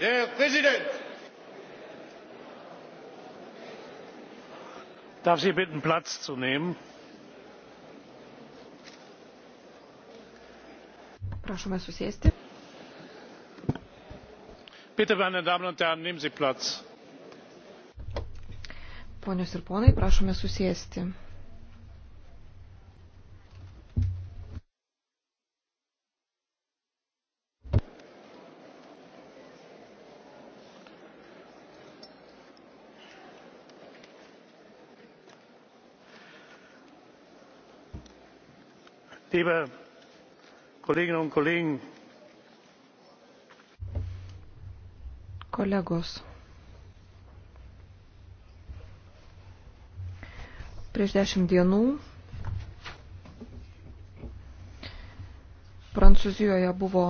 Herr Präsident! Ich darf Sie bitten, Platz zu nehmen. Prašome susėsti. Bitte, meine Damen und Herren, nehmen Sie Platz. Ponios ir ponai, prašome susėsti. liebe kolleginnen und kollegen! kolegos prieš dešimt dienų prancūzijoje buvo